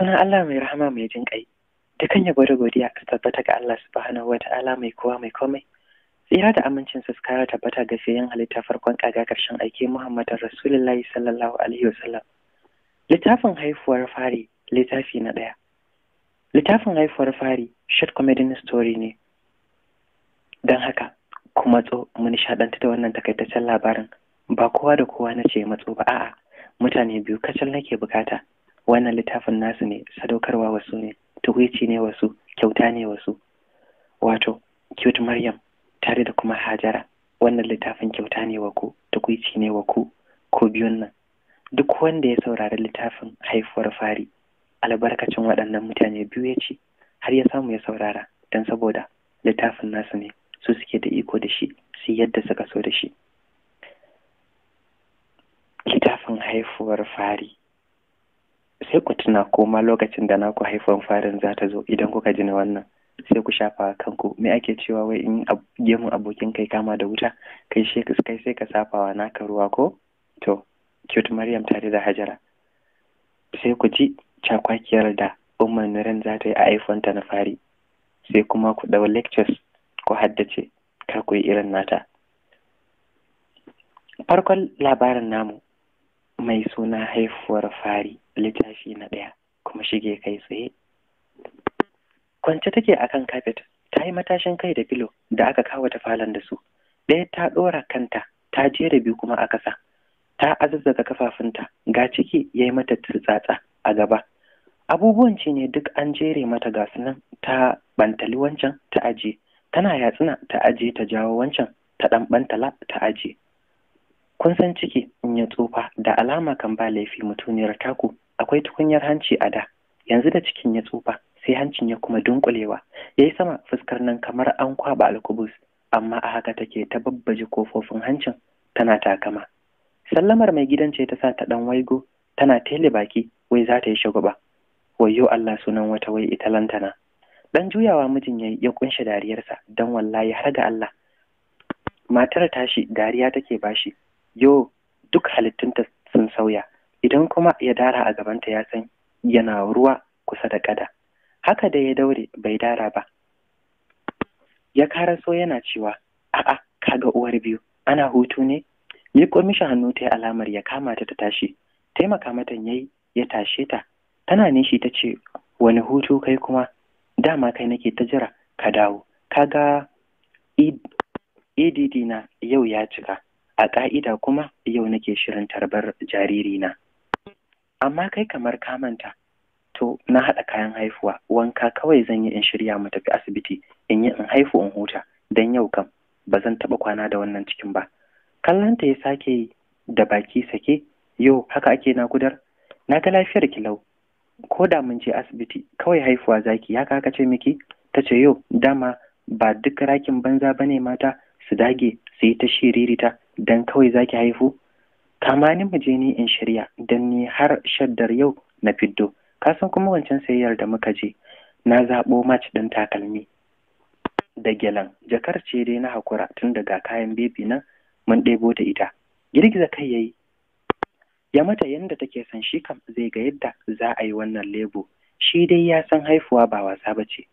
sunan Allah mai rahama mai jin ƙai, dukan ya da godiya su tabbata ga Allah subhanahu wa ta'ala mai kowa mai komai. Tsira da amincin su kara tabbata ga sayan halitta farkon kaga ƙarshen aiki Muhammadu Rasulullahi sallallahu alaihi wasallam. Littafin haifuwar fari littafi na ɗaya. Littafin haifuwar fari short comedy story ne. Don haka kuma tso mu nishaɗanta da wannan takaitaccen labarin ba kowa da kowa na ce matso ba a'a mutane biyu kacal nake bukata wannan littafin nasu ne sadaukarwa wasu ne tuwici ne wasu kyauta ne wasu wato cute maryam tare da kuma hajara wannan littafin kyauta ne wa ku ne wa ku ko biyun nan duk wanda ya saurari littafin haifuwar fari albarkacin waɗannan mutane biyu ya ce har ya samu ya saurara don saboda littafin nasu ne su suke da iko da shi su yadda suka so da shi littafin haifuwar fari sai ku tuna ko ma lokacin da naku haifan farin za ta zo idan kuka ji na wannan sai ku shafa kanku me ake cewa wai in gemun abokin kai kama da wuta kai shi sai ka safawa naka ruwa ko to cute maryam tare da hajara sai ku ji cakwakiyar da umar nuran za ta yi a ta na fari sai kuma ku ɗau lectures ko haddace kar ku yi irin nata farkon labarin namu mai suna haifuwar fari littafi na ɗaya kuma shige kai tsaye kwance take akan kafet ta yi matashin kai da filo da aka kawo ta falon da su ɗaya ta ɗora kanta ta jera biyu kuma a ƙasa ta azazzaga kafafunta ga ciki ya yi mata tsatsa a gaba abubuwan ci ne duk an jere mata ga nan ta ɓantali wancan ta aje tana yatsuna ta aje ta jawo wancan ta ɗan ɓantala ta aje kun san ciki in ya tsufa da alama kan ba laifi mutuniyar taku akwai tukunyar hanci a da yanzu da cikin ya tsufa sai hancin ya kuma dunkulewa ya yi sama fuskar nan kamar an kwaba alkubus amma a haka take ta babbaji kofofin hancin tana takama sallamar mai gidan ce ta sa ta dan waigo tana tele baki wai za ta yi shagwaba wayyo Allah sunan wata wai ita lantana dan juyawa mijin yayi ya kunshe dariyarsa dan wallahi har ga Allah matar tashi dariya take bashi yo duk halittunta sun sauya idan kuma ya dara a gabanta ya san yana ruwa kusa da kada haka da ya daure bai dara ba ya karaso yana cewa a'a kaga uwar biyu ana hutu ne ya mishi hannu ta yi alamar ya kama ta ta tashi taimaka mata yayi ya tashe ta tana nishi ta ce wani hutu kai kuma dama kai nake ta jira ka dawo kaga edd e na yau ya cika a ƙa'ida kuma yau nake shirin tarbar jaririna amma kai kamar ka manta to na haɗa kayan haifuwa wanka kawai zan yi in shirya mu tafi asibiti in yi in haifu in huta don yau kam ba zan taɓa kwana da wannan cikin ba kallanta ya sake yi da baki sake yo haka ake na kudar na ga lafiyar kilau ko da mun je asibiti kawai haifuwa zaki ya kaka ce miki ta ce yo dama ba duk rakin banza ba ne mata su dage su yi ta shiririta dan kawai zaki haifu kama ni mu je ni in shirya dan ni har shaddar yau na fiddo ka san kuma wancan sayayyar da muka je na zaɓo mac din takalmi da gyalan jakar ce dai na hakura tun daga kayan bebi nan mun ɗebo ta ita girgiza kai yayi ya mata yanda take son shi kam zai ga yadda za a yi wannan lebo shi dai ya san haifuwa ba wasa ba ce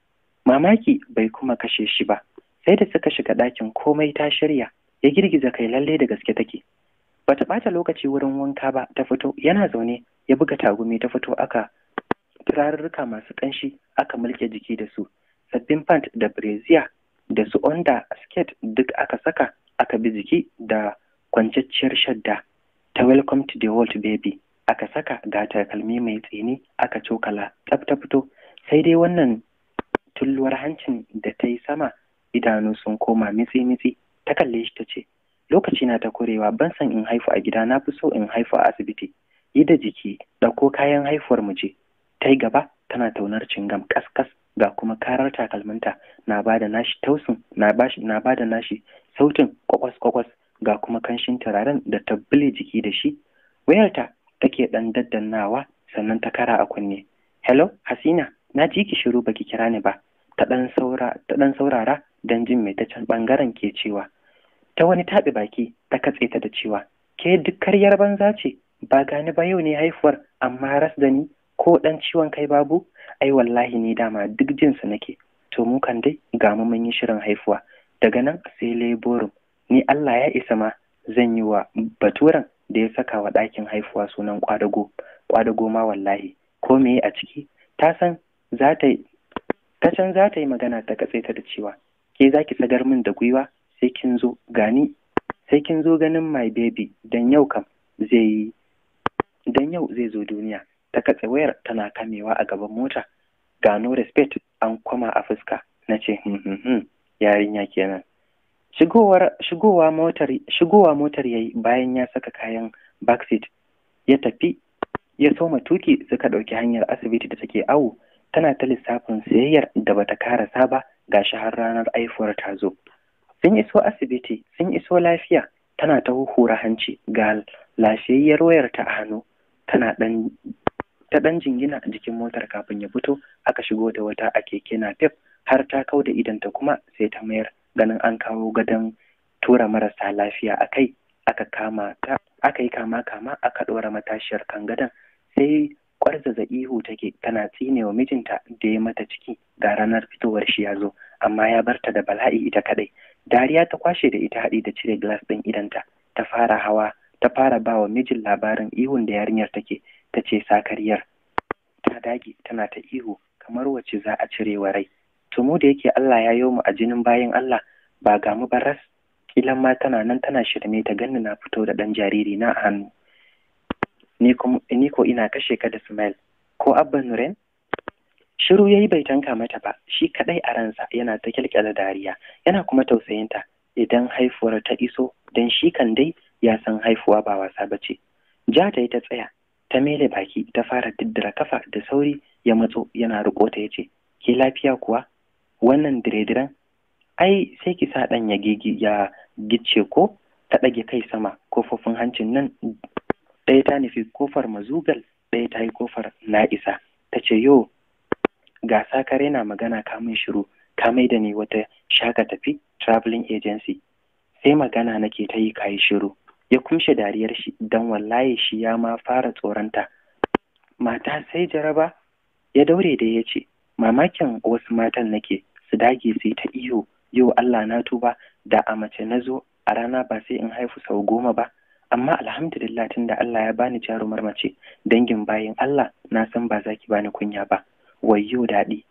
mamaki bai kuma kashe shi ba sai da suka shiga ɗakin komai ta shirya ya girgiza kai lalle da gaske take bata ɓata lokaci wurin wanka ba ta fito yana zaune ya buga tagumi ta fito aka turarurruka masu ƙanshi aka mulke jiki da su sabbin pant da brazier da su onda skirt duk aka saka aka bi jiki da kwanciyar shadda ta welcome to the world baby aka saka ga takalmi mai tsini aka cokala tsaf ta fito sai dai wannan tulluwar hancin da ta yi sama idanu sun koma mitsi-mitsi ta kalle shi ta ce lokaci na ta kurewa ban san in haifu a gida na fi so in haifu a asibiti yi da jiki ɗauko kayan haifuwar mu je ta yi gaba tana taunar cingam kaskas ga kuma karar takalminta na bada nashi tausin na ba nashi sautin kwakwas-kwakwas ga kuma kanshin turaren da ta bile jiki da shi wayarta take ɗan daddannawa sannan ta kara a kunne hello hasina na ji ki shiru baki kira ni ba ta ɗan saurara don jin mai ta can ɓangaren ke cewa ta wani taɓi baki ta katse ta da cewa ke dukkar karyar banza ce ba gani ba yau ne haifuwar amma ras da ni ko ɗan ciwon kai babu ai wallahi ni dama duk jinsu nake to mu kan dai ga mu mun yi shirin haifuwa daga nan sai leburum ni Allah ya isa ma zan yi wa baturan da ya saka wa ɗakin haifuwa sunan kwadago kwadago ma wallahi ko me a ciki ta san za ta ta can za ta yi magana ta katse ta da cewa ke za ki tsagar min da gwiwa sai kin zo gani sai kin zo ganin my baby dan yau kam zai dan yau zai zo duniya ta katse wayar tana kamewa a gaban mota gano respect an kwama a fuska na ce hmm, hmm, hmm, yarinya kenan shigowa motar shigowa motar yayi bayan ya saka kayan backseat ya tafi ya soma tuki suka ɗauki hanyar asibiti da take awo tana ta lissafin sayayyar da bata karasa ba gashi har ranar aifuwar ta zo sun iso asibiti sun iso lafiya tana ta huhura hanci ga lafiyayyar wayarta a hannu tana dan ta dan jingina a jikin motar kafin ya fito aka shigo da wata a keke na pep har ta kau da idanta kuma sai ta mayar ganin an kawo gadon tura marasa lafiya a kai aka kama ta aka yi kama kama aka ɗora matashiyar kan gadon sai kwarzaza ihu take tana wa mijinta da ya mata ciki ga ranar fitowar shi ya zo amma ya barta da bala'i ita kadai dariya ta kwashe da ita haɗi da cire glass ɗin idanta ta fara hawa ta fara ba wa mijin labarin ihun da yarinyar take ta ce sakariyar ta dage tana ta ihu kamar wacce za a cire wa rai to mu da yake Allah ya yo mu a jinin bayan Allah ba ga mu baras kilan ma tana nan tana shirme ta ganni na fito da ɗan jariri na a hannu ni ko ina kashe ka da smile ko abba nuren shiru ya yi bai tanka mata ba shi kaɗai a ransa yana ta kyalkyala dariya yana kuma tausayinta idan haifuwar ta iso don shi kan dai ya san haifuwa ba wasa ba ce ja ta yi ta tsaya ta mele baki ta fara diddira kafa da sauri ya matso yana riko ta ya ce ke lafiya kuwa wannan dire-diren?" ai sai ki sa ɗan ya gigi ya gice ko ta ɗage kai sama kofofin hancin nan ɗaya ta nufi kofar mazugal ɗaya ta yi kofar isa, ta ce yo gasa ka raina magana kamun shiru ka mai da ni wata shaka tafi traveling agency sai magana nake ta yi kayi shiru ya kumshe dariyar shi don wallahi shi ya ma fara tsoronta mata sai jaraba ya daure da ya ce mamakin wasu matan nake su dage sai ta iyo yau Allah na tuba da a mace na zo a rana ba sai in haifu sau goma ba amma alhamdulillah tun da Allah ya bani jarumar mace dangin bayin Allah na san ba za ki bani kunya ba wayyo daɗi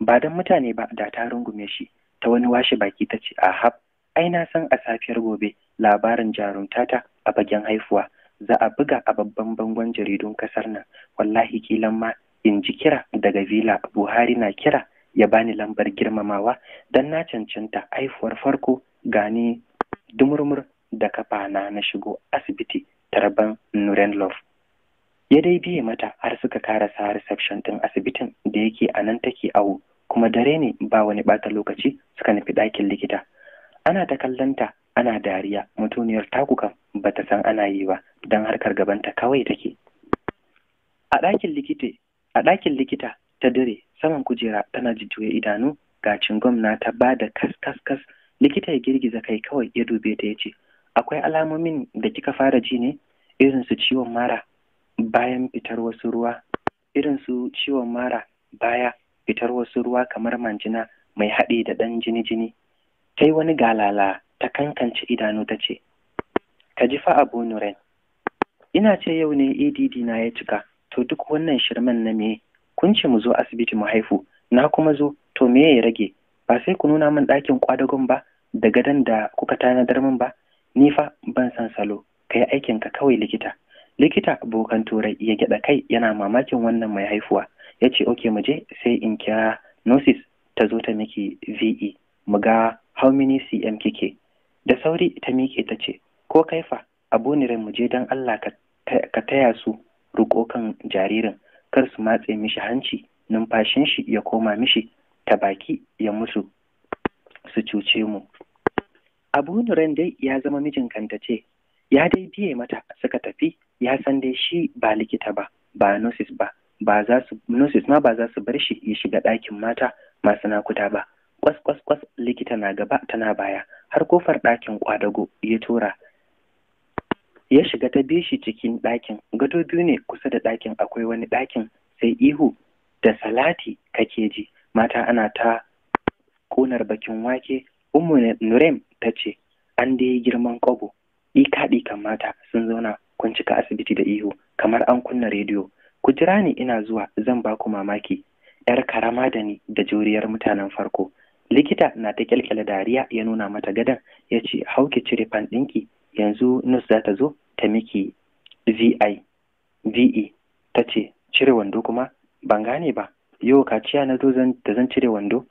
ba don mutane ba da ta rungume shi ta wani washe baki ta ce a hab ai na san a safiyar gobe labarin ta a bagen haifuwa za a buga a babban bangon jaridun kasar nan wallahi kilan ma in ji kira daga vila buhari na kira ya bani lambar girmamawa don na cancanta haifuwar farko gani dumurmur da kafa na na shigo asibiti tarban love ya dai biye mata har suka karasa reception ɗin asibitin da yake a nan take awo kuma dare ne ba wani ɓata lokaci suka nufi ɗakin likita ana ta kallonta ana dariya mutuniyar takuka bata san ana yi ba don harkar gabanta kawai take a ɗakin likita a ɗakin likita ta dare, saman kujera tana jujjuya idanu ga cingom na ta ba da kas kas kas likita ya girgiza kai kawai ya dube ta ya ce akwai alamomin da kika fara ji ne irin su ciwon mara bayan fitar wasu ruwa irin su ciwon mara baya fitar wasu ruwa kamar manjina mai haɗe da ɗan jini-jini ta yi wani galala ta kankance idanu ta ce ka ji fa abu nuren ina ce yau ne add e na ya cika to duk wannan shirman na me kun ce mu zo asibiti mu haifu na kuma zo to me ya rage ba sai ku nuna min ɗakin kwadagon ba da gadon da kuka tanadar min ba ni fa ban san salo ka yi aikinka kawai likita likita abokan turai ya gyada kai yana mamakin wannan mai haifuwa ya ce oke mu je sai in kira nosis ta zo ta miki ve mu ga how many cm kike da sauri ta mike ta ce ko kaifa abu ne mu je don allah ka taya su ruko kan jaririn kar su matse mishi hanci numfashin shi ya koma mishi ta baki ya musu su cuce mu abu dai ya zama mijin kanta ce ya dai biye mata suka tafi ya san dai shi ba likita ba ba nosis ba ba za su nosis ma ba za su bar shi ya shiga ɗakin mata masu nakuta ba kwas kwas kwas likita na gaba tana baya har kofar ɗakin kwadago ya tura ya shiga ta bi shi cikin ɗakin gado biyu ne kusa da ɗakin akwai wani ɗakin sai ihu da salati kake ji mata ana ta ƙonar bakin wake Umu nurem ta ce an dai girman kwabo ɗika ɗika mata sun zauna kun cika asibiti da ihu kamar an kunna rediyo ku jira ni ina zuwa zan ba ku mamaki yar karama da ni da juriyar mutanen farko likita na ta kyalkyala dariya ya nuna mata gadon. ya ce hauke cire fan ɗinki yanzu nus za ta zo ta miki vi ve ta ce cire wando kuma ban gane ba yau kaciya na zo da zan cire wando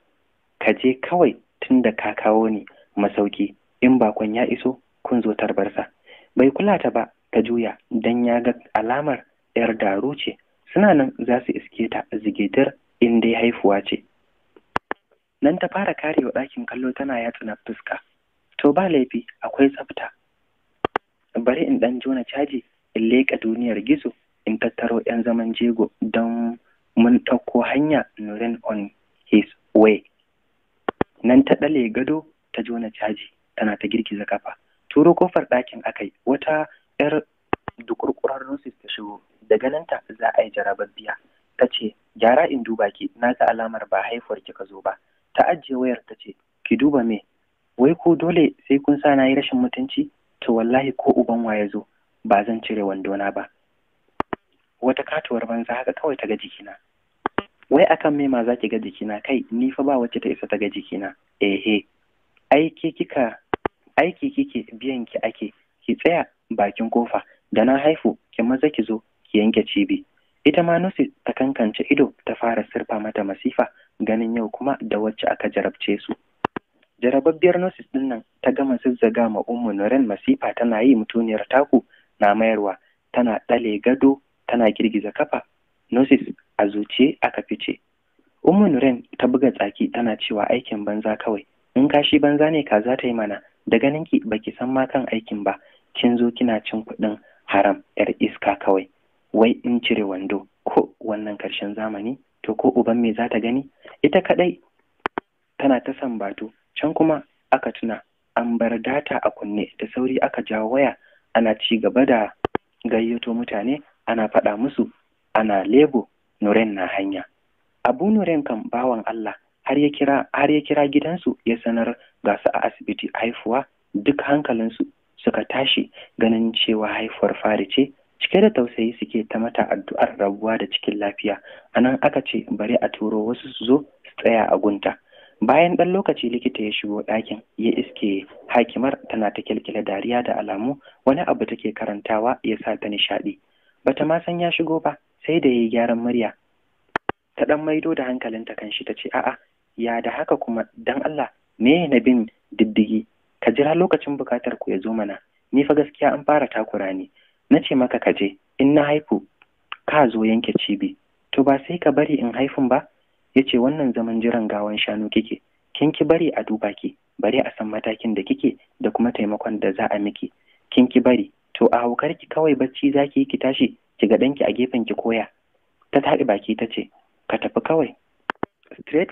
ka je kawai tun da ka kawo ni masauki in bakon ya iso kun zo tarbarsa bai kula ta ba ta juya don ya ga alamar ‘yar daro ce, suna nan za su iske ta zigidir in dai haifuwa ce. Nan ta fara karewa ɗakin kallo tana yatsuna fuska. To ba laifi akwai tsafta. Bari in ɗan jona caji in leƙa duniyar gizo in tattaro 'yan zaman jego don mun ɗauko hanya Nurin on his way. Nan ta ɗale gado ta jona caji tana ta girgiza kafa. Turo kofar ɗakin akai wata 'yar dukurkurar rosis ta shigo, da ganinta za a yi jarababbiya. Ta ce, gyara in duba ki, na ga alamar ba haifuwar ka zo ba. Ta ajiye wayar ta ce, ki duba me, wai ko dole sai kun sa na yi rashin mutunci? To wallahi ko uban ya zo, ba zan cire wandona ba. Wata katuwar banza haka kawai ta ga jikina. Wai akan me ma za ki ga jikina kai, ni fa ba wacce ta isa ta ga jikina. Ehe, aiki kika, aiki kike biyan ki ake, ki tsaya bakin kofa da na haifu ki maza ki zo ki yanke cibi ita ma nusi ta kankance ido ta fara sirfa mata masifa ganin yau kuma da wacce aka jarabce su jarababbiyar nosis din nan ta gama zazzaga ma ummu nuren masifa tana yi mutuniyar taku na mayarwa tana ɗale gado tana girgiza kafa nosis a zuciye aka fice ummu nuren ta buga tsaki tana cewa aikin banza kawai in kashi banza ne ka za ta yi mana da ganin ki baki san ma kan aikin ba kin zo kina cin kuɗin haram yar iska kawai wai in cire wando ko wannan karshen zamani to ko uban me za ta gani ita kadai tana ta sambatu can kuma aka tuna an bar data a kunne da sauri aka jawo waya ana ci gaba da gayyato mutane ana faɗa musu ana lebo nuren na hanya abu nuren kan bawan allah har ya kira har ya kira gidansu ya sanar ga su a asibiti haifuwa duk hankalinsu suka tashi ganin cewa haifuwar fari ce cike da tausayi suke ta mata addu'ar rabuwa da cikin lafiya a nan aka ce bari a turo wasu su zo su tsaya a gunta bayan ɗan lokaci likita ya shigo ɗakin ya iske hakimar tana ta kyalkyala dariya da alamu wani abu take karantawa ya sa ta nishaɗi bata ma san ya shigo ba sai da ya yi gyaran murya ta ɗan maido da hankalinta kan shi ta ce a'a ya da haka kuma dan Allah me na bin diddigi ka jira lokacin bukatar ku ya zo mana ni fa gaskiya an fara takura ne. na ce maka ka je in na haifu ka zo yanke cibi to ba sai ka bari in haifin ba ya ce wannan zaman jiran gawan shanu kike kin ki bari a duba ki bari a san matakin da kike da kuma taimakon da za a miki kin ki bari to a haukar ki kawai bacci za ki yi ki tashi ki ga ɗanki a gefen ki koya ta taɗi baki ta ce ka tafi kawai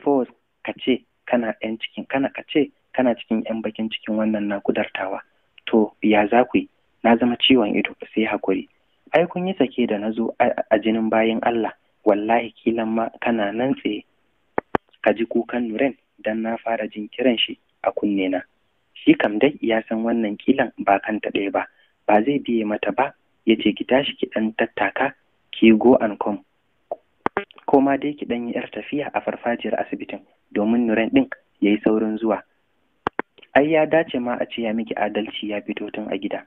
forward ka ce kana ɗan cikin kana ka ce kana cikin yan bakin cikin wannan naƙudar tawa to ya za ku yi na zama ciwon ido sai hakuri ai kun yi sake da na zo a jinin bayan Allah wallahi kilan ma kana nan tsaye ka ji kukan nuren dan na fara jin kiran shi a kunne na shi kam dai ya san wannan kilan ba kanta ɗaya ba ba zai biye mata ba ya ce ki tashi ki ɗan tattaka ki go and come ko ma dai ki ɗan yi yar tafiya a farfajiyar asibitin domin nuren ɗin ya yi saurin zuwa ai ya dace ma a ce ya miki adalci ya fito tun a gida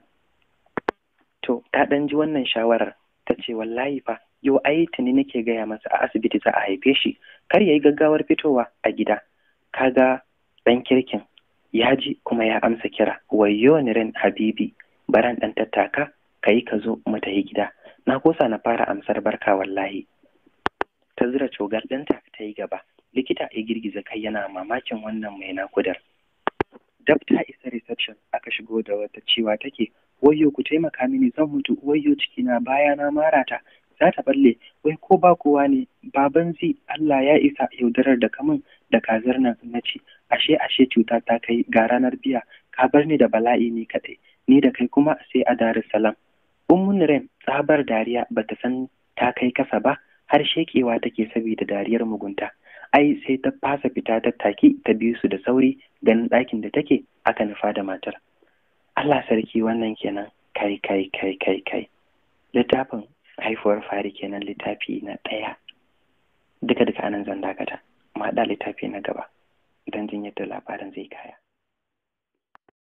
to ta ɗan ji wannan shawarar ta ce wallahi fa yau ai tuni nake gaya masa a asibiti za a haife shi kar ya yi gaggawar fitowa a gida kaga ɗan kirkin ya ji kuma ya amsa kira wayyo Niren habibi baran ɗan tattaka ka yi ka zo mu tafi gida na kosa na fara amsar barka wallahi ta zira cogal ɗinta ta yi gaba likita ya girgiza kai yana mamakin wannan mai nakudar Dabta isa reception aka shigo da wata cewa take wayyo ku taimaka mini zan mutu wayyo na baya na marata za ta balle wai ko ba kowa ne baban zi Allah ya isa yaudarar da kamun da kazar nan na ci ashe ashe cuta ta kai ga ranar biya ka bar ni da bala'i ni kaɗai ni da kai kuma sai a dar salam ummun rem tsabar dariya bata san ta kai kasa ba har shekewa take saboda dariyar mugunta ai sai ta fasa fita ta taki ta biyu su da sauri ganin ɗakin da take aka nufa da matar Allah sarki wannan kenan kai kai kai kai kai littafin haifuwar fari kenan littafi na ɗaya duka duka anan zan dakata ma ɗa littafi na gaba don jin yadda labarin zai kaya